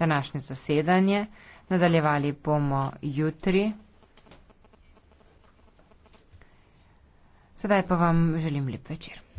današnje zasedanje. Nadaljevali bomo jutri. Sedaj pa vam želim lep večer.